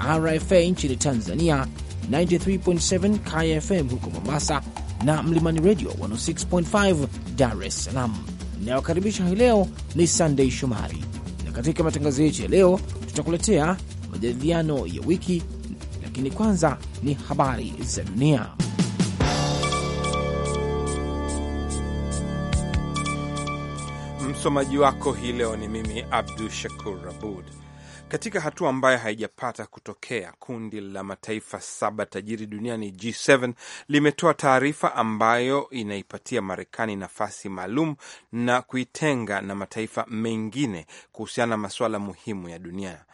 RFA nchini Tanzania 93.7 KFM huko Mombasa na Mlimani Radio 106.5 Dar es Salaam. Inayokaribisha hii leo ni Sunday Shomari, na katika matangazo yetu ya leo tutakuletea majadiliano ya wiki, lakini kwanza ni habari za dunia. Msomaji wako hii leo ni mimi Abdu Shakur Abud katika hatua ambayo haijapata kutokea. Kundi la mataifa saba tajiri duniani G7 limetoa taarifa ambayo inaipatia Marekani nafasi maalum na kuitenga na mataifa mengine kuhusiana na masuala muhimu ya dunia.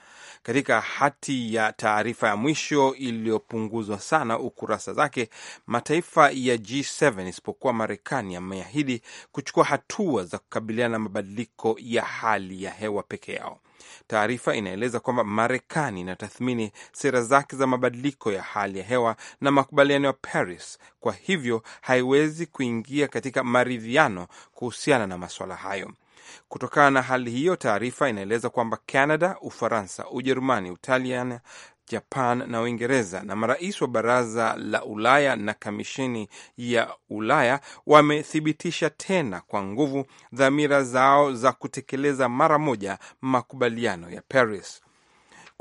Katika hati ya taarifa ya mwisho iliyopunguzwa sana ukurasa zake, mataifa ya G7 isipokuwa Marekani yameahidi kuchukua hatua za kukabiliana na mabadiliko ya hali ya hewa peke yao. Taarifa inaeleza kwamba Marekani inatathmini sera zake za mabadiliko ya hali ya hewa na makubaliano ya Paris, kwa hivyo haiwezi kuingia katika maridhiano kuhusiana na masuala hayo. Kutokana na hali hiyo, taarifa inaeleza kwamba Canada, Ufaransa, Ujerumani, Italia, Japan na Uingereza na marais wa Baraza la Ulaya na Kamisheni ya Ulaya wamethibitisha tena kwa nguvu dhamira zao za kutekeleza mara moja makubaliano ya Paris.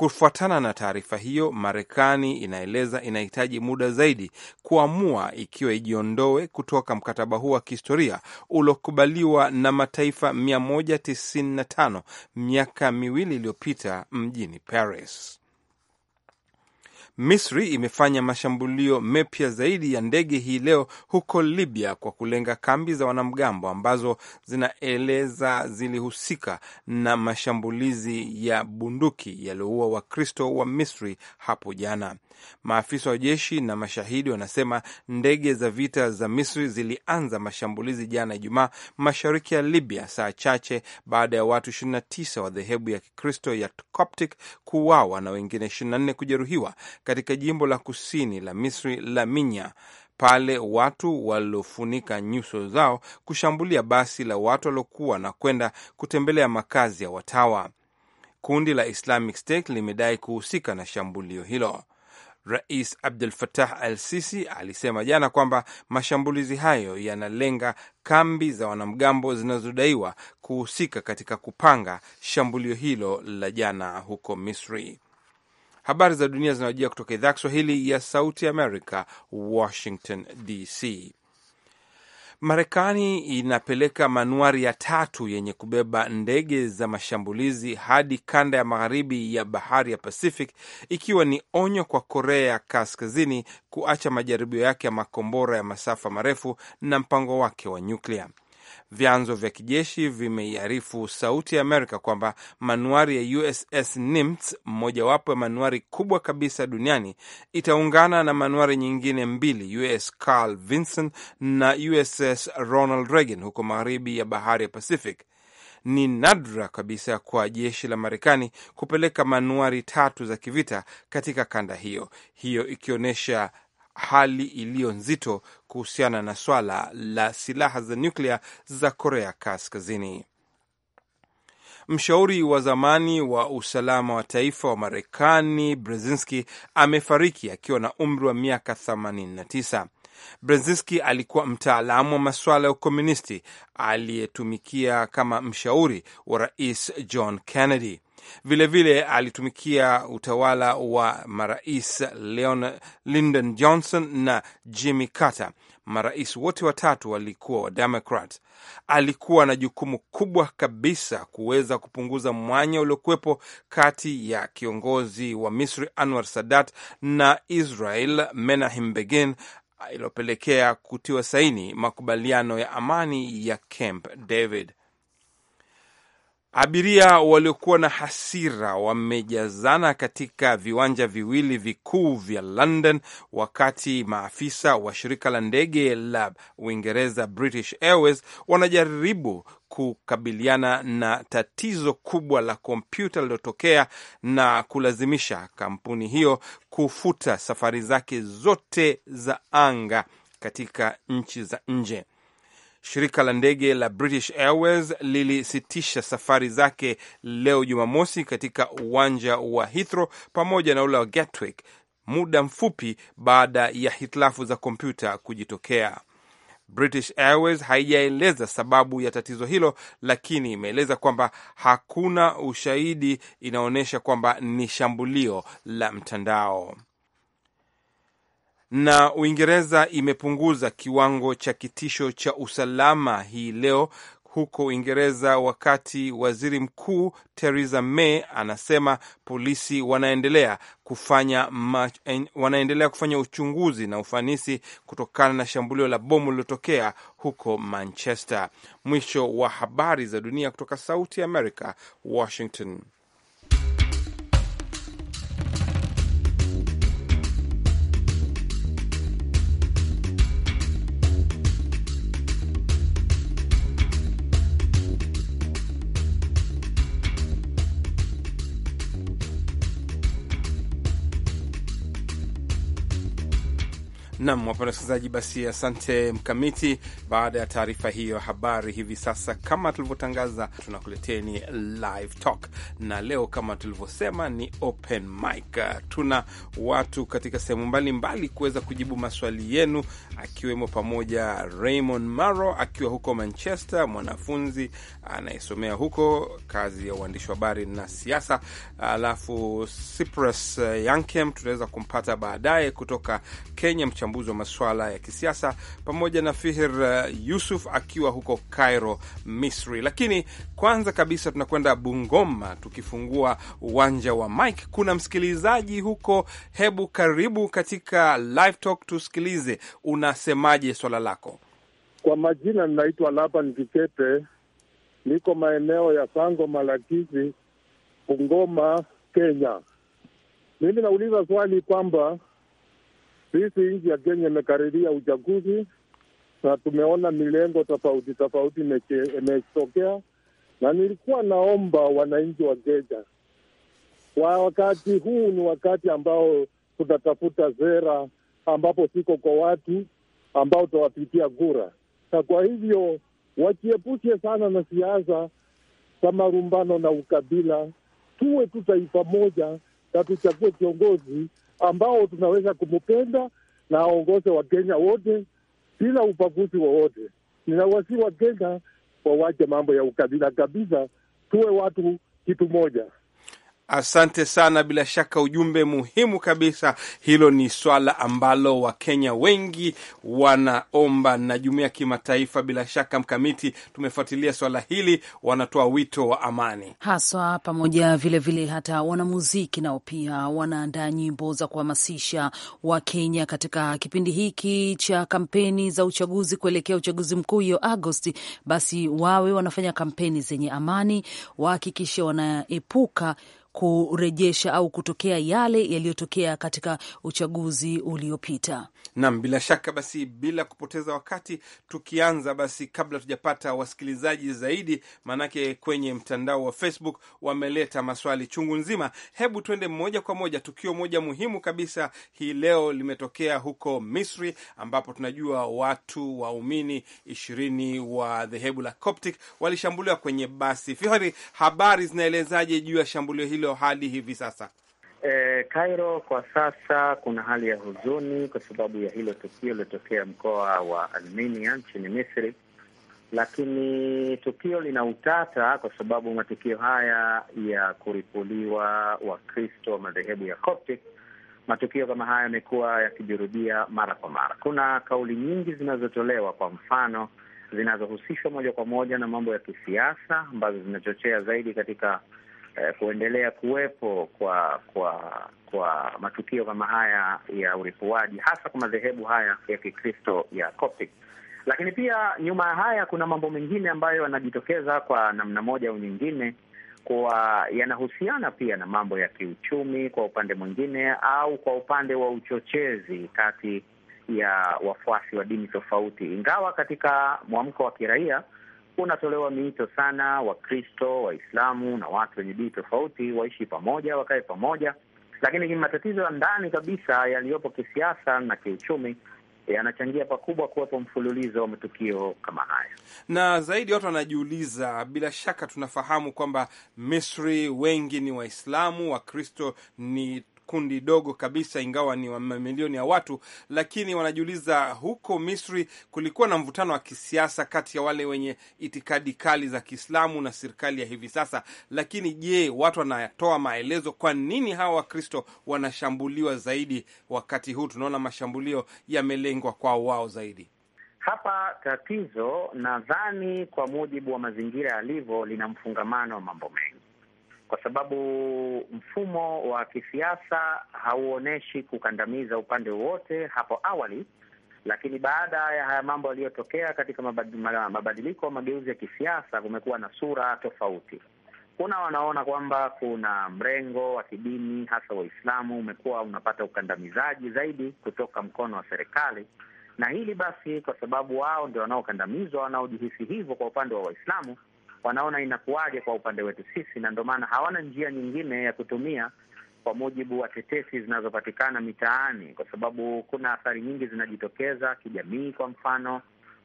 Kufuatana na taarifa hiyo, Marekani inaeleza inahitaji muda zaidi kuamua ikiwa ijiondoe kutoka mkataba huu wa kihistoria uliokubaliwa na mataifa 195 miaka miwili iliyopita mjini Paris. Misri imefanya mashambulio mepya zaidi ya ndege hii leo huko Libya kwa kulenga kambi za wanamgambo ambazo zinaeleza zilihusika na mashambulizi ya bunduki yaliyoua Wakristo wa Misri hapo jana. Maafisa wa jeshi na mashahidi wanasema ndege za vita za Misri zilianza mashambulizi jana Ijumaa mashariki ya Libya, saa chache baada ya watu 29 wa dhehebu ya Kikristo ya Coptic kuuawa na wengine 24 kujeruhiwa katika jimbo la kusini la Misri la Minya pale watu waliofunika nyuso zao kushambulia basi la watu waliokuwa na kwenda kutembelea makazi ya watawa. Kundi la Islamic State limedai kuhusika na shambulio hilo. Rais Abdul fatah Al Sisi alisema jana kwamba mashambulizi hayo yanalenga kambi za wanamgambo zinazodaiwa kuhusika katika kupanga shambulio hilo la jana huko Misri. Habari za dunia zinawajia kutoka idhaa Kiswahili ya Sauti Amerika, Washington DC. Marekani inapeleka manuari ya tatu yenye kubeba ndege za mashambulizi hadi kanda ya magharibi ya bahari ya Pacific, ikiwa ni onyo kwa Korea ya Kaskazini kuacha majaribio yake ya makombora ya masafa marefu na mpango wake wa nyuklia. Vyanzo vya kijeshi vimeiarifu Sauti ya Amerika kwamba manuari ya USS Nimitz, mmojawapo ya manuari kubwa kabisa duniani, itaungana na manuari nyingine mbili, US Carl Vinson na USS Ronald Reagan huko magharibi ya bahari ya Pacific. Ni nadra kabisa kwa jeshi la Marekani kupeleka manuari tatu za kivita katika kanda hiyo, hiyo ikionyesha hali iliyo nzito kuhusiana na swala la silaha za nyuklia za Korea Kaskazini. Mshauri wa zamani wa usalama wa taifa wa Marekani Brzezinski amefariki akiwa na umri wa miaka 89. Brzezinski alikuwa mtaalamu wa masuala ya ukomunisti aliyetumikia kama mshauri wa rais John Kennedy. Vilevile vile alitumikia utawala wa marais Leon, Lyndon Johnson na Jimmy Carter. Marais wote watatu walikuwa wa Democrat. Alikuwa na jukumu kubwa kabisa kuweza kupunguza mwanya uliokuwepo kati ya kiongozi wa Misri Anwar Sadat na Israel menahim Begin iliyopelekea kutiwa saini makubaliano ya amani ya Camp David. Abiria waliokuwa na hasira wamejazana katika viwanja viwili vikuu vya London wakati maafisa wa shirika la ndege la Uingereza British Airways wanajaribu kukabiliana na tatizo kubwa la kompyuta lililotokea na kulazimisha kampuni hiyo kufuta safari zake zote za anga katika nchi za nje. Shirika la ndege la British Airways lilisitisha safari zake leo Jumamosi katika uwanja wa Heathrow pamoja na ule wa Gatwick muda mfupi baada ya hitilafu za kompyuta kujitokea. British Airways haijaeleza sababu ya tatizo hilo, lakini imeeleza kwamba hakuna ushahidi inaonyesha kwamba ni shambulio la mtandao. Na Uingereza imepunguza kiwango cha kitisho cha usalama hii leo huko Uingereza, wakati waziri mkuu Theresa May anasema polisi wanaendelea kufanya, wanaendelea kufanya uchunguzi na ufanisi kutokana na shambulio la bomu lililotokea huko Manchester. Mwisho wa habari za dunia kutoka Sauti ya Washington. Nam, wapenda wasikilizaji, basi asante Mkamiti. Baada ya taarifa hiyo habari, hivi sasa kama tulivyotangaza, tunakuleteni live talk, na leo kama tulivyosema ni open mic. Tuna watu katika sehemu mbalimbali kuweza kujibu maswali yenu, akiwemo pamoja Raymond Maro akiwa huko Manchester, mwanafunzi anayesomea huko kazi ya uandishi wa habari na siasa. Alafu Cyprus Yankem tutaweza kumpata baadaye kutoka Kenya mchambuzi wa masuala ya kisiasa, pamoja na Fihir uh, Yusuf akiwa huko Cairo, Misri. Lakini kwanza kabisa tunakwenda Bungoma, tukifungua uwanja wa Mike. Kuna msikilizaji huko, hebu karibu katika Live Talk, tusikilize unasemaje swala lako. Kwa majina ninaitwa Laban Kikete, niko maeneo ya Sango Malakizi, Bungoma, Kenya. Mimi nauliza swali kwamba sisi nchi ya Kenya imekariria uchaguzi na tumeona milengo tofauti tofauti imetokea, na nilikuwa naomba wananchi wa Kenya kwa wakati huu, ni wakati ambao tutatafuta sera ambapo siko kwa watu ambao tutawapitia kura, na kwa hivyo wajiepushe sana na siasa za marumbano na ukabila. Tuwe tu taifa moja na tuchague kiongozi ambao tunaweza kumpenda na aongoze Wakenya wote bila ubaguzi wowote. Ninawasi Wakenya wawache mambo ya ukabila kabisa, tuwe watu kitu moja. Asante sana. Bila shaka ujumbe muhimu kabisa. Hilo ni swala ambalo Wakenya wengi wanaomba na jumuiya ya kimataifa. Bila shaka, Mkamiti, tumefuatilia swala hili, wanatoa wito wa amani haswa, pamoja vilevile hata wanamuziki nao pia wanaandaa nyimbo za kuhamasisha Wakenya katika kipindi hiki cha kampeni za uchaguzi kuelekea uchaguzi mkuu hiyo Agosti. Basi wawe wanafanya kampeni zenye amani, wahakikishe wanaepuka kurejesha au kutokea yale yaliyotokea katika uchaguzi uliopita. Naam, bila shaka. Basi bila kupoteza wakati, tukianza basi, kabla tujapata wasikilizaji zaidi, maanake kwenye mtandao wa Facebook wameleta maswali chungu nzima, hebu tuende moja kwa moja. Tukio moja muhimu kabisa hii leo limetokea huko Misri, ambapo tunajua watu waumini ishirini wa dhehebu la Coptic walishambuliwa kwenye basi. Fihari, habari zinaelezaje juu ya shambulio hili? ndilo hali hivi sasa? E, kwa sasa kuna hali ya huzuni kwa sababu ya hilo tukio lilotokea mkoa wa Armenia nchini Misri, lakini tukio lina utata kwa sababu matukio haya ya kuripuliwa Wakristo wa madhehebu ya Coptic, matukio kama haya yamekuwa yakijirudia mara kwa mara. Kuna kauli nyingi zinazotolewa, kwa mfano zinazohusishwa moja kwa moja na mambo ya kisiasa ambazo zinachochea zaidi katika eh, kuendelea kuwepo kwa kwa kwa matukio kama haya ya uripuaji hasa kwa madhehebu haya ya Kikristo ya Coptic. Lakini pia nyuma ya haya kuna mambo mengine ambayo yanajitokeza kwa namna moja au nyingine kuwa yanahusiana pia na mambo ya kiuchumi kwa upande mwingine, au kwa upande wa uchochezi kati ya wafuasi wa dini tofauti, ingawa katika mwamko wa kiraia ulikuwa unatolewa miito sana, Wakristo, Waislamu na watu wenye dini tofauti waishi pamoja, wakae pamoja, lakini ni matatizo ya ndani kabisa yaliyopo kisiasa na kiuchumi eh, yanachangia pakubwa kuwepo mfululizo wa matukio kama haya. Na zaidi watu wanajiuliza, bila shaka tunafahamu kwamba Misri wengi ni Waislamu, Wakristo ni kundi dogo kabisa, ingawa ni mamilioni ya watu, lakini wanajiuliza huko Misri kulikuwa na mvutano wa kisiasa kati ya wale wenye itikadi kali za Kiislamu na serikali ya hivi sasa. Lakini je, watu wanatoa maelezo kwa nini hawa Wakristo wanashambuliwa zaidi? Wakati huu tunaona mashambulio yamelengwa kwao wao zaidi. Hapa tatizo nadhani, kwa mujibu wa mazingira yalivyo, lina mfungamano wa mambo mengi kwa sababu mfumo wa kisiasa hauonyeshi kukandamiza upande wowote hapo awali, lakini baada ya haya mambo yaliyotokea katika mabadiliko, mageuzi ya kisiasa, kumekuwa na sura tofauti. Kuna wanaona kwamba kuna mrengo wa kidini, hasa Waislamu, umekuwa unapata ukandamizaji zaidi kutoka mkono wa serikali, na hili basi, kwa sababu wao ndio wanaokandamizwa, wanaojihisi hivyo kwa upande wa Waislamu wanaona inakuwaje kwa upande wetu sisi, na ndio maana hawana njia nyingine ya kutumia kwa mujibu wa tetesi zinazopatikana mitaani, kwa sababu kuna athari nyingi zinajitokeza kijamii. Kwa mfano,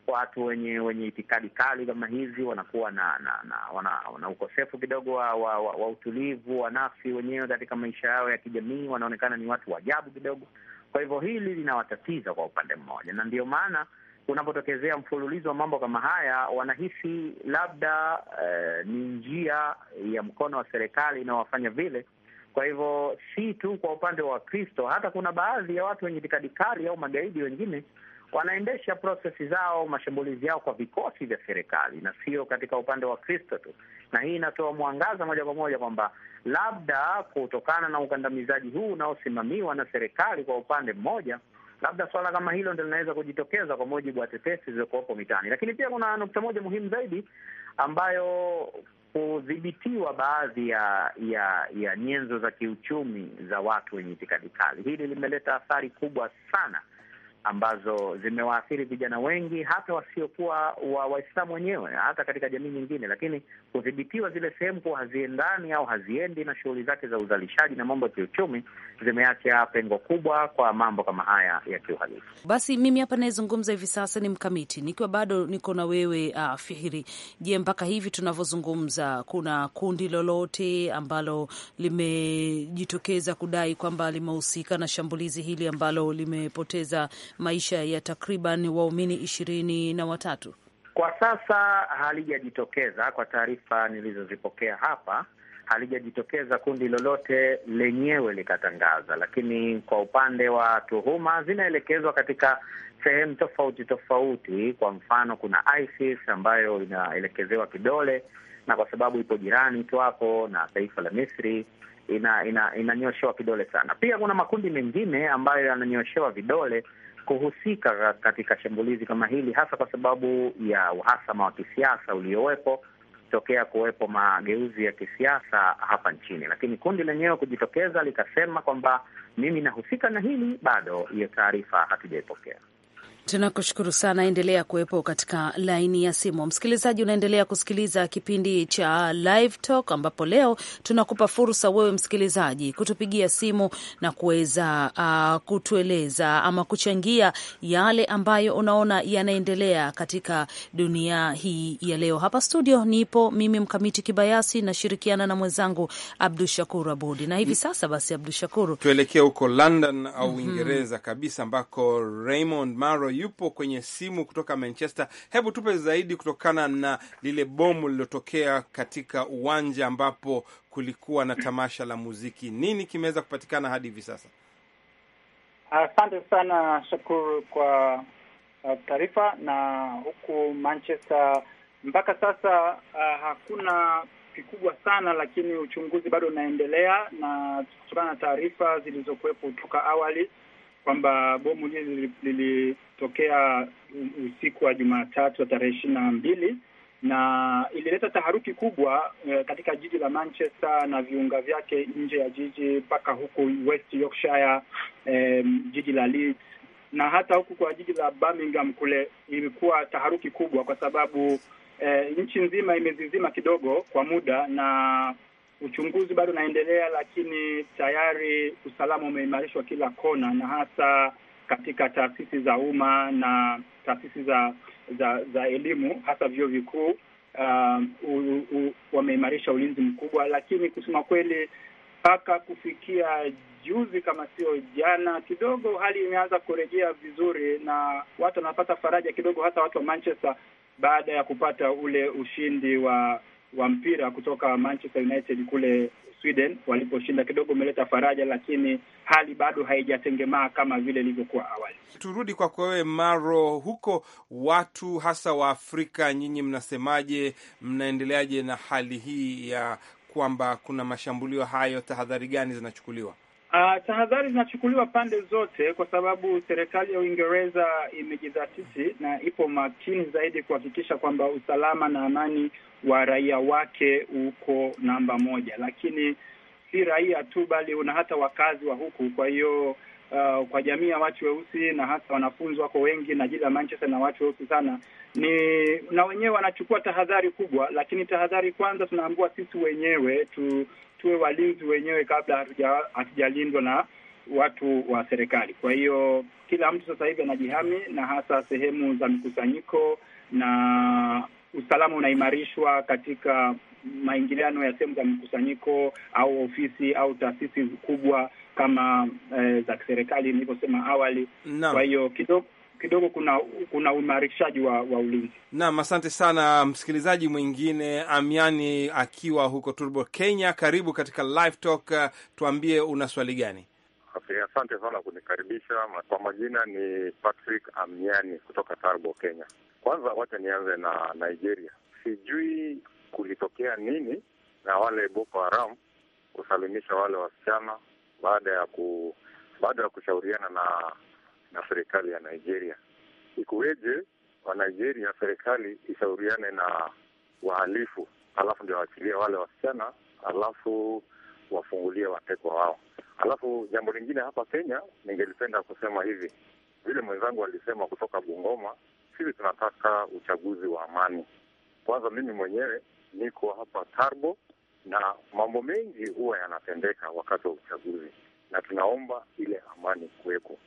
watu wenye wenye itikadi kali kama hizi wanakuwa na na, na wana, wana ukosefu kidogo wa, wa, wa, wa utulivu wa nafsi wenyewe katika maisha yao ya kijamii, wanaonekana ni watu wa ajabu kidogo. Kwa hivyo hili linawatatiza kwa upande mmoja, na ndio maana unapotokezea mfululizo wa mambo kama haya, wanahisi labda eh, ni njia ya mkono wa serikali inayowafanya vile. Kwa hivyo si tu kwa upande wa Wakristo, hata kuna baadhi ya watu wenye itikadi kali au magaidi wengine wanaendesha prosesi zao, mashambulizi yao kwa vikosi vya serikali na sio katika upande wa Kristo tu, na hii inatoa mwangaza moja kwa moja kwamba labda kutokana na ukandamizaji huu unaosimamiwa na serikali kwa upande mmoja labda swala kama hilo ndio linaweza kujitokeza kwa mujibu wa tetesi zilizokuwepo mitaani. Lakini pia kuna nukta moja muhimu zaidi ambayo kudhibitiwa baadhi ya ya ya nyenzo za kiuchumi za watu wenye itikadi kali, hili limeleta athari kubwa sana ambazo zimewaathiri vijana wengi hata wasiokuwa wa Waislamu wenyewe, hata katika jamii nyingine, lakini kudhibitiwa zile sehemu kuwa haziendani au haziendi na shughuli zake za uzalishaji na mambo ya kiuchumi, zimeacha pengo kubwa kwa mambo kama haya ya kiuhalifu. Basi mimi hapa nayezungumza hivi sasa ni Mkamiti, nikiwa bado niko na wewe uh, Fihiri. Je, mpaka hivi tunavyozungumza, kuna kundi lolote ambalo limejitokeza kudai kwamba limehusika na shambulizi hili ambalo limepoteza maisha ya takriban waumini ishirini na watatu. Kwa sasa halijajitokeza, kwa taarifa nilizozipokea hapa halijajitokeza kundi lolote lenyewe likatangaza, lakini kwa upande wa tuhuma zinaelekezwa katika sehemu tofauti tofauti. Kwa mfano, kuna ISIS ambayo inaelekezewa kidole, na kwa sababu ipo jirani tu hapo na taifa la Misri ina- inanyoshewa ina kidole sana. Pia kuna makundi mengine ambayo yananyoshewa vidole kuhusika katika shambulizi kama hili, hasa kwa sababu ya uhasama wa kisiasa uliowepo tokea kuwepo mageuzi ya kisiasa hapa nchini. Lakini kundi lenyewe kujitokeza likasema kwamba mimi nahusika na hili, bado hiyo taarifa hatujaipokea. Tunakushukuru sana, endelea kuwepo katika laini ya simu. Msikilizaji, unaendelea kusikiliza kipindi cha Live Talk ambapo leo tunakupa fursa wewe msikilizaji kutupigia simu na kuweza uh, kutueleza ama kuchangia yale ambayo unaona yanaendelea katika dunia hii ya leo. Hapa studio nipo mimi Mkamiti Kibayasi, nashirikiana na mwenzangu Abdu Shakur Abudi, na hivi mm. sasa basi, Abdu Shakuru, tuelekee huko London au mhm. Uingereza mm -hmm. kabisa ambako Raymond Maro yupo kwenye simu kutoka Manchester. Hebu tupe zaidi kutokana na lile bomu lililotokea katika uwanja ambapo kulikuwa na tamasha la muziki. Nini kimeweza kupatikana hadi hivi sasa? Asante uh, sana Shukuru kwa uh, taarifa. Na huku Manchester mpaka sasa uh, hakuna kikubwa sana, lakini uchunguzi bado unaendelea, na kutokana na taarifa zilizokuwepo toka awali kwamba bomu hili lilitokea usiku wa Jumatatu wa tarehe ishirini na mbili na ilileta taharuki kubwa eh, katika jiji la Manchester na viunga vyake nje ya jiji mpaka huku West Yorkshire, eh, jiji la Leeds na hata huku kwa jiji la Birmingham kule ilikuwa taharuki kubwa, kwa sababu eh, nchi nzima imezizima kidogo kwa muda na uchunguzi bado unaendelea, lakini tayari usalama umeimarishwa kila kona, na hasa katika taasisi za umma na taasisi za za za elimu, hasa vyuo vikuu uh, wameimarisha ulinzi mkubwa, lakini kusema kweli mpaka kufikia juzi kama sio jana, kidogo hali imeanza kurejea vizuri na watu wanapata faraja kidogo, hasa watu wa Manchester baada ya kupata ule ushindi wa wa mpira kutoka Manchester United kule Sweden waliposhinda kidogo umeleta faraja, lakini hali bado haijatengemaa kama vile ilivyokuwa awali. Turudi kwako wewe Maro, huko watu hasa wa Afrika, nyinyi mnasemaje? Mnaendeleaje na hali hii ya kwamba kuna mashambulio hayo? Tahadhari gani zinachukuliwa? Uh, tahadhari zinachukuliwa pande zote, kwa sababu serikali ya Uingereza imejidhatiti na ipo makini zaidi kuhakikisha kwamba usalama na amani wa raia wake uko namba moja, lakini si raia tu, bali una hata wakazi wa huku. Kwa hiyo uh, kwa jamii ya watu weusi na hasa wanafunzi wako wengi na jiji la Manchester na watu weusi sana ni na wenyewe wanachukua tahadhari kubwa, lakini tahadhari kwanza tunaambua sisi wenyewe tu, tuwe walinzi wenyewe kabla hatujalindwa na watu wa serikali. Kwa hiyo kila mtu sasa hivi anajihami, na hasa sehemu za mikusanyiko na usalama unaimarishwa katika maingiliano ya sehemu za mikusanyiko au ofisi au taasisi kubwa kama e, za kiserikali nilivyosema awali. Kwa hiyo kidogo kidogo kuna kuna uimarishaji wa, wa ulinzi. Naam, asante sana msikilizaji mwingine Amiani akiwa huko Turbo, Kenya. Karibu katika Live Talk, uh, tuambie una swali gani? Okay, asante sana kunikaribisha. Kwa majina ni Patrick Amiani kutoka Turbo, Kenya. Kwanza wacha nianze na Nigeria. Sijui kulitokea nini na wale Boko Haram kusalimisha wale wasichana baada ya ku baada ya kushauriana na na serikali ya Nigeria. Ikuweje wa Nigeria serikali ishauriane na wahalifu, alafu ndio waachilie wale wasichana, alafu wafungulie watekwa wao. Alafu jambo lingine hapa Kenya, ningelipenda kusema hivi vile mwenzangu alisema kutoka Bungoma, sisi tunataka uchaguzi wa amani. Kwanza mimi mwenyewe niko hapa Tarbo na mambo mengi huwa yanatendeka wakati wa uchaguzi, na tunaomba ile amani kuweko.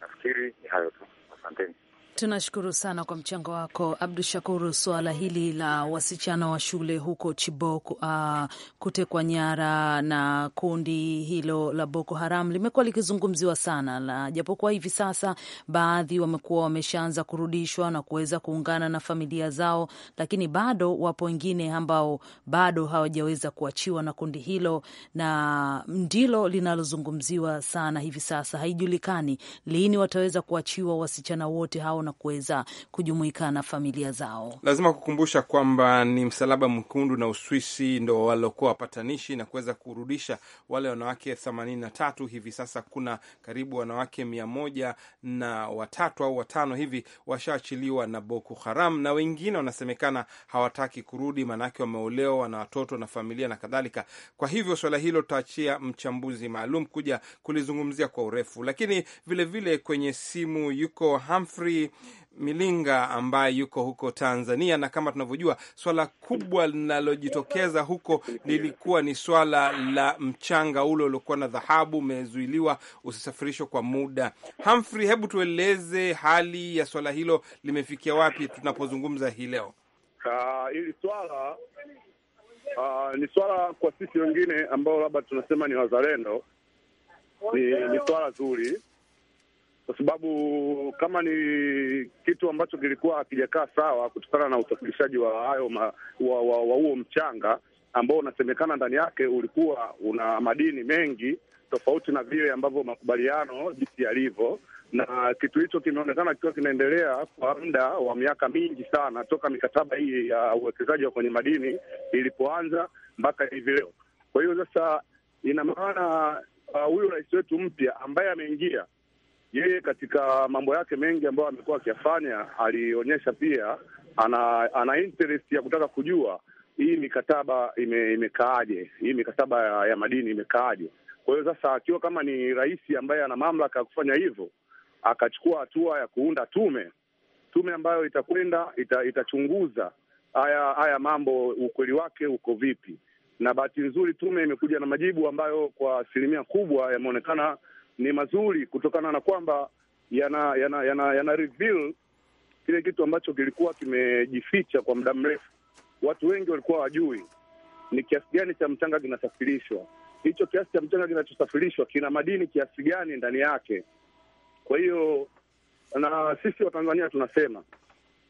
Nafikiri ni hayo tu, asanteni. Tunashukuru sana kwa mchango wako Abdu Shakuru. Suala hili la wasichana wa shule huko Chibok uh, kutekwa nyara na kundi hilo la Boko Haram limekuwa likizungumziwa sana na japokuwa hivi sasa baadhi wamekuwa wameshaanza kurudishwa na kuweza kuungana na familia zao, lakini bado wapo wengine ambao bado hawajaweza kuachiwa na kundi hilo, na ndilo linalozungumziwa sana hivi sasa. Haijulikani lini wataweza kuachiwa wasichana wote hao na kuweza kujumuika na familia zao. Lazima kukumbusha kwamba ni Msalaba Mwekundu na Uswisi ndo waliokuwa wapatanishi na kuweza kurudisha wale wanawake themanini na tatu. Hivi sasa kuna karibu wanawake mia moja na watatu au watano hivi washaachiliwa na Boko Haram, na wengine wanasemekana hawataki kurudi, maanake wameolewa, wana watoto na familia na kadhalika. Kwa hivyo swala hilo tutaachia mchambuzi maalum kuja kulizungumzia kwa urefu, lakini vilevile vile kwenye simu yuko Humphrey Milinga ambaye yuko huko Tanzania, na kama tunavyojua swala kubwa linalojitokeza huko lilikuwa ni swala la mchanga ule uliokuwa na dhahabu umezuiliwa usisafirishwe kwa muda. Humphrey, hebu tueleze hali ya swala hilo limefikia wapi tunapozungumza hii leo? Ah, hili swala uh, ni swala kwa sisi wengine ambao labda tunasema ni wazalendo, ni, ni swala zuri kwa sababu kama ni kitu ambacho kilikuwa hakijakaa sawa kutokana na usafirishaji wa hayo wa huo mchanga ambao unasemekana ndani yake ulikuwa una madini mengi tofauti na vile ambavyo makubaliano jinsi yalivyo, na kitu hicho kimeonekana kikiwa kinaendelea kwa muda wa miaka mingi sana toka mikataba hii ya uwekezaji wa kwenye madini ilipoanza mpaka hivi leo. Kwa hiyo sasa, ina maana uh, huyu uh, rais wetu mpya ambaye ameingia yeye katika mambo yake mengi ambayo amekuwa akiyafanya, alionyesha pia ana, ana interest ya kutaka kujua hii mikataba ime, imekaaje, hii mikataba ya, ya madini imekaaje. Kwa hiyo sasa, akiwa kama ni rais ambaye ana mamlaka ya kufanya hivyo, akachukua hatua ya kuunda tume, tume ambayo itakwenda ita, itachunguza haya haya mambo, ukweli wake uko vipi. Na bahati nzuri tume imekuja na majibu ambayo kwa asilimia kubwa yameonekana ni mazuri kutokana na kwamba yana yana yana, yana reveal kile kitu ambacho kilikuwa kimejificha kwa muda mrefu. Watu wengi walikuwa wajui ni kiasi gani cha mchanga kinasafirishwa. Hicho kiasi cha mchanga kinachosafirishwa kina madini kiasi gani ndani yake? Kwa hiyo na sisi Watanzania tunasema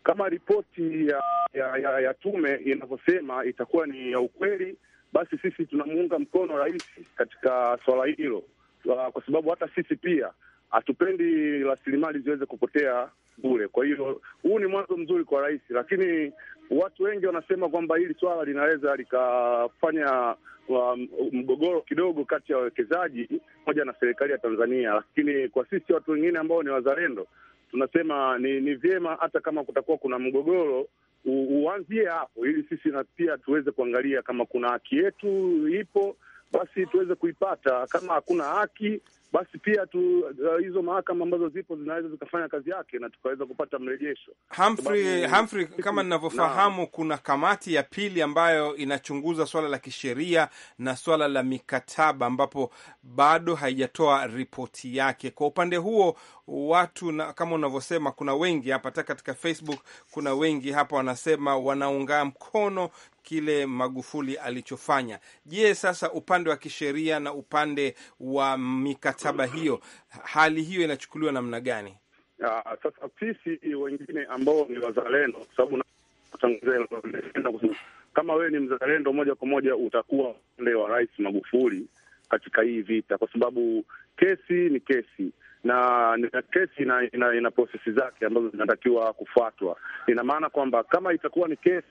kama ripoti ya, ya, ya, ya tume inavyosema itakuwa ni ya ukweli, basi sisi tunamuunga mkono rais katika swala hilo uh, kwa sababu hata sisi pia hatupendi rasilimali ziweze kupotea bure. Kwa hiyo huu ni mwanzo mzuri kwa rais, lakini watu wengi wanasema kwamba hili swala linaweza likafanya um, mgogoro kidogo kati ya wawekezaji pamoja na serikali ya Tanzania, lakini kwa sisi watu wengine ambao ni wazalendo tunasema ni, ni vyema hata kama kutakuwa kuna mgogoro uanzie hapo, ili sisi na pia tuweze kuangalia kama kuna haki yetu ipo basi tuweze kuipata. Kama hakuna haki, basi pia tu uh, hizo mahakama ambazo zipo zinaweza zikafanya kazi yake na tukaweza kupata mrejesho. Humphrey, Humphrey, kama ninavyofahamu na, kuna kamati ya pili ambayo inachunguza swala la kisheria na swala la mikataba ambapo bado haijatoa ripoti yake. Kwa upande huo watu na, kama unavyosema kuna wengi hapa hata katika Facebook kuna wengi hapa wanasema wanaunga mkono kile Magufuli alichofanya. Je, sasa upande wa kisheria na upande wa mikataba mikataba hiyo, hali hiyo inachukuliwa namna gani? Ya, sasa sisi wengine ambao ni wazalendo, kwa sababu kama wewe ni mzalendo moja kwa moja utakuwa upande wa Rais Magufuli katika hii vita, kwa sababu kesi ni kesi na na kesi ina, ina, ina prosesi zake ambazo zinatakiwa kufuatwa. Ina maana kwamba kama itakuwa ni kesi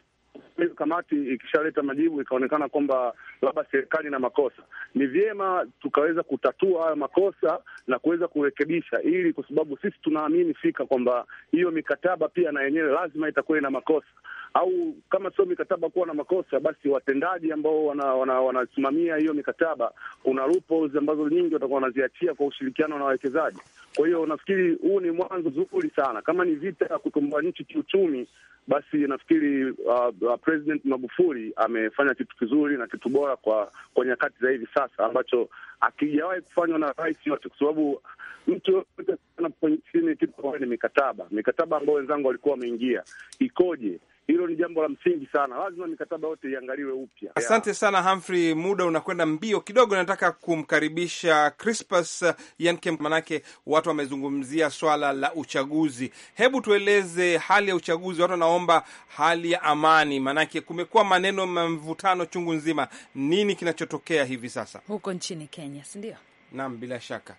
kamati ikishaleta majibu ikaonekana kwamba labda serikali na makosa, ni vyema tukaweza kutatua haya makosa na kuweza kurekebisha, ili kwa sababu sisi tunaamini fika kwamba hiyo mikataba pia na yenyewe lazima itakuwa ina makosa au kama sio mikataba kuwa na makosa basi watendaji ambao wanasimamia wana, wana hiyo mikataba, kuna loopholes ambazo nyingi watakuwa wanaziachia kwa ushirikiano na wawekezaji. Kwa hiyo nafikiri huu ni mwanzo zuri sana. Kama ni vita ya kutumbua nchi kiuchumi, basi nafikiri uh, uh, President Magufuli amefanya kitu kizuri na kitu bora kwa kwa nyakati za hivi sasa ambacho akijawahi kufanywa na rais yote, kwa sababu mtu yoyote anapoingia kitu ni mikataba, mikataba ambayo wenzangu walikuwa wameingia ikoje? hilo ni jambo la msingi sana, lazima mikataba yote iangaliwe upya. Asante sana Humphrey, muda unakwenda mbio kidogo. Nataka kumkaribisha Crispus Yanke, manake watu wamezungumzia swala la uchaguzi. Hebu tueleze hali ya uchaguzi, watu wanaomba hali ya amani, manake kumekuwa maneno ya mvutano chungu nzima. Nini kinachotokea hivi sasa huko nchini Kenya, si ndio? Naam, bila shaka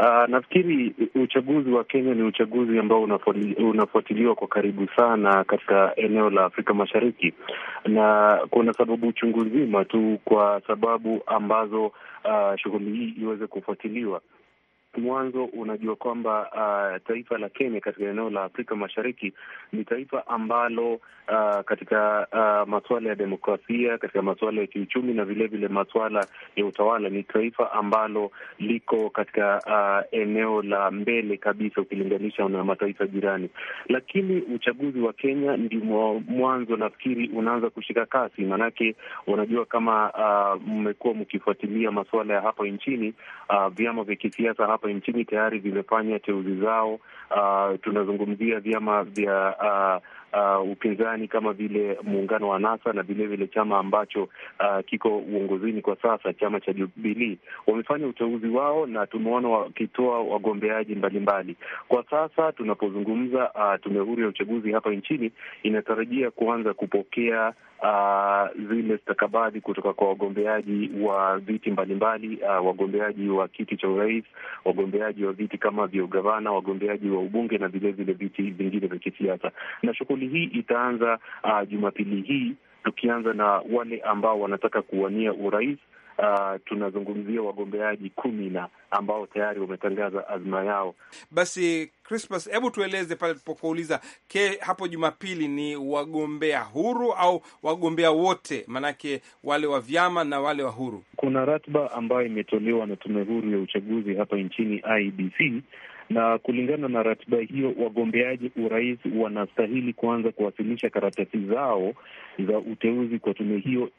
Uh, nafikiri uchaguzi wa Kenya ni uchaguzi ambao unafuatiliwa kwa karibu sana katika eneo la Afrika Mashariki, na kuna sababu chungu nzima tu kwa sababu ambazo uh, shughuli hii iweze kufuatiliwa mwanzo unajua kwamba uh, taifa la Kenya katika eneo la Afrika Mashariki ni taifa ambalo uh, katika uh, masuala ya demokrasia, katika masuala ya kiuchumi na vilevile masuala ya utawala ni taifa ambalo liko katika uh, eneo la mbele kabisa ukilinganisha na mataifa jirani. Lakini uchaguzi wa Kenya ndio mwanzo nafikiri unaanza kushika kasi, maanake unajua kama uh, mmekuwa mkifuatilia masuala ya hapa nchini uh, vyama vya kisiasa hapa nchini tayari vimefanya teuzi zao. Uh, tunazungumzia vyama vya uh, Uh, upinzani kama vile muungano wa NASA na vilevile chama ambacho uh, kiko uongozini kwa sasa, chama cha Jubilii wamefanya uteuzi wao na tumeona wakitoa wagombeaji mbalimbali kwa sasa. Tunapozungumza, uh, tume huru ya uchaguzi hapa nchini inatarajia kuanza kupokea uh, zile stakabadhi kutoka kwa wagombeaji wa viti mbalimbali uh, wagombeaji wa kiti cha urais, wagombeaji wa viti kama vya ugavana, wagombeaji wa ubunge na vilevile viti vingine vya kisiasa. Na shughuli hii itaanza uh, Jumapili hii tukianza na wale ambao wanataka kuwania urais uh, tunazungumzia wagombeaji kumi na ambao tayari wametangaza azma yao. Basi Crispas, hebu tueleze pale tulipokuuliza, ke hapo Jumapili ni wagombea huru au wagombea wote, maanake wale wa vyama na wale wa huru? Kuna ratiba ambayo imetolewa na tume huru ya uchaguzi hapa nchini IBC na kulingana na ratiba hiyo wagombeaji urais wanastahili kuanza kuwasilisha karatasi zao za uteuzi kwa tume hiyo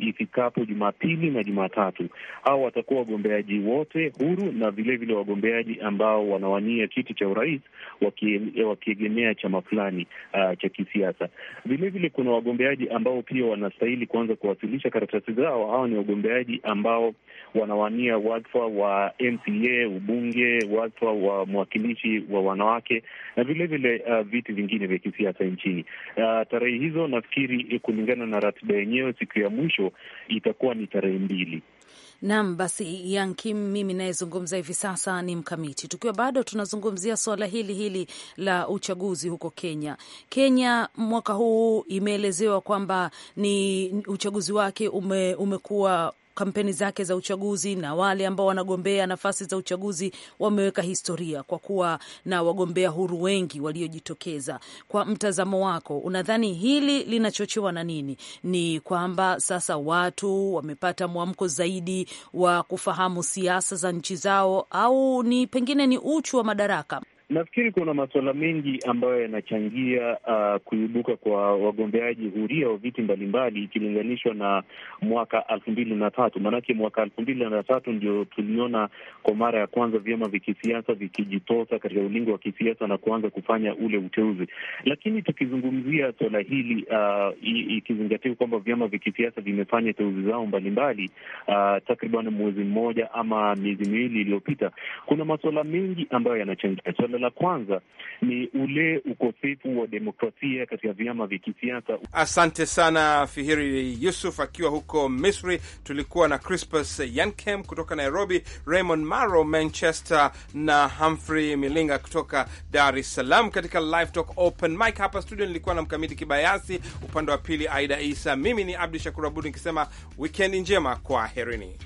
ifikapo Jumapili na Jumatatu. Hao watakuwa wagombeaji wote huru na vilevile wagombeaji ambao wanawania kiti cha urais wakiegemea chama fulani uh, cha kisiasa. Vilevile kuna wagombeaji ambao pia wanastahili kuanza kuwasilisha karatasi zao. Hawa ni wagombeaji ambao wanawania wadhifa wa MCA, ubunge, wadhifa wa mwakilishi wa wanawake na vilevile vile, uh, viti vingine vya kisiasa nchini. Uh, tarehe hizo nafikiri kulingana na ratiba yenyewe, siku ya mwisho itakuwa ni tarehe mbili. Naam, basi Yankim, mimi nayezungumza hivi sasa ni Mkamiti, tukiwa bado tunazungumzia suala hili hili la uchaguzi huko Kenya. Kenya mwaka huu imeelezewa kwamba ni uchaguzi wake ume, umekuwa kampeni zake za uchaguzi na wale ambao wanagombea nafasi za uchaguzi wameweka historia kwa kuwa na wagombea huru wengi waliojitokeza. Kwa mtazamo wako, unadhani hili linachochewa na nini? Ni kwamba sasa watu wamepata mwamko zaidi wa kufahamu siasa za nchi zao, au ni pengine ni uchu wa madaraka? Nafikiri kuna masuala mengi ambayo yanachangia uh, kuibuka kwa wagombeaji huria wa viti mbalimbali ikilinganishwa na mwaka elfu mbili na tatu. Maanake mwaka elfu mbili na tatu ndio tuliona kwa mara ya kwanza vyama vya kisiasa vikijitosa katika ulingo wa kisiasa na kuanza kufanya ule uteuzi. Lakini tukizungumzia swala hili uh, ikizingatiwa kwamba vyama vya kisiasa vimefanya teuzi zao mbalimbali uh, takriban mwezi mmoja ama miezi miwili iliyopita, kuna masuala mengi ambayo yanachangia la kwanza ni ule ukosefu wa demokrasia katika vyama vya kisiasa. Asante sana Fihiri Yusuf akiwa huko Misri. Tulikuwa na Crispus Yankem kutoka Nairobi, Raymond Maro Manchester na Humphrey Milinga kutoka Dar es Salaam katika Live Talk Open Mic. Hapa studio nilikuwa na Mkamiti Kibayasi, upande wa pili Aida Isa, mimi ni Abdu Shakur Abud nikisema wikendi njema, kwa herini.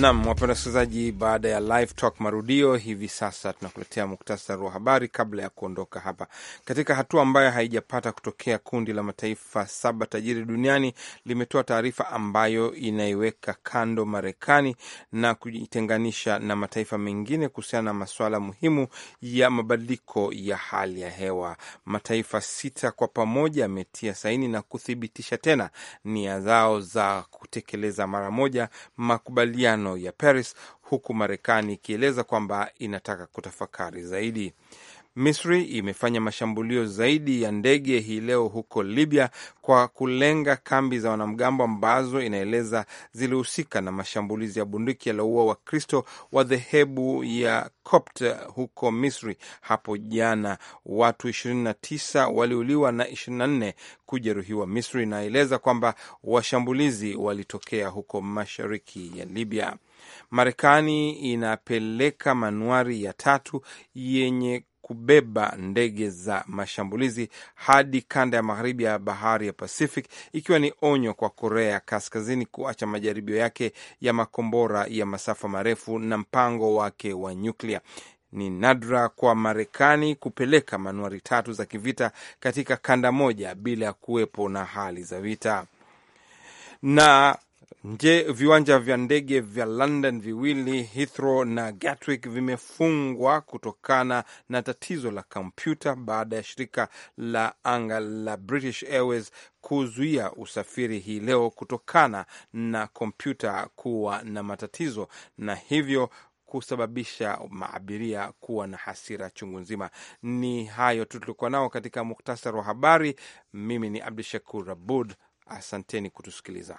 Nam, wapenda wasikilizaji, baada ya live talk marudio hivi sasa, tunakuletea muktasari wa habari kabla ya kuondoka hapa. Katika hatua ambayo haijapata kutokea, kundi la mataifa saba tajiri duniani limetoa taarifa ambayo inaiweka kando Marekani na kujitenganisha na mataifa mengine kuhusiana na masuala muhimu ya mabadiliko ya hali ya hewa. Mataifa sita kwa pamoja yametia saini na kuthibitisha tena nia zao za kutekeleza mara moja makubaliano mikutano ya Paris, huku Marekani ikieleza kwamba inataka kutafakari zaidi. Misri imefanya mashambulio zaidi ya ndege hii leo huko Libya kwa kulenga kambi za wanamgambo ambazo inaeleza zilihusika na mashambulizi ya bunduki yaliyoua Wakristo wa dhehebu ya Copt huko Misri hapo jana. Watu 29 waliuliwa na 24 kujeruhiwa. Misri inaeleza kwamba washambulizi walitokea huko mashariki ya Libya. Marekani inapeleka manuari ya tatu yenye kubeba ndege za mashambulizi hadi kanda ya magharibi ya bahari ya Pacific, ikiwa ni onyo kwa Korea ya Kaskazini kuacha majaribio yake ya makombora ya masafa marefu na mpango wake wa nyuklia. Ni nadra kwa Marekani kupeleka manuari tatu za kivita katika kanda moja bila ya kuwepo na hali za vita na nje viwanja vya ndege vya London viwili Heathrow na Gatwick vimefungwa kutokana na tatizo la kompyuta baada ya shirika la anga la British Airways kuzuia usafiri hii leo kutokana na kompyuta kuwa na matatizo na hivyo kusababisha maabiria kuwa na hasira chungu nzima. Ni hayo tu tulikuwa nao katika muktasari wa habari. Mimi ni Abdu Shakur Abud, asanteni kutusikiliza.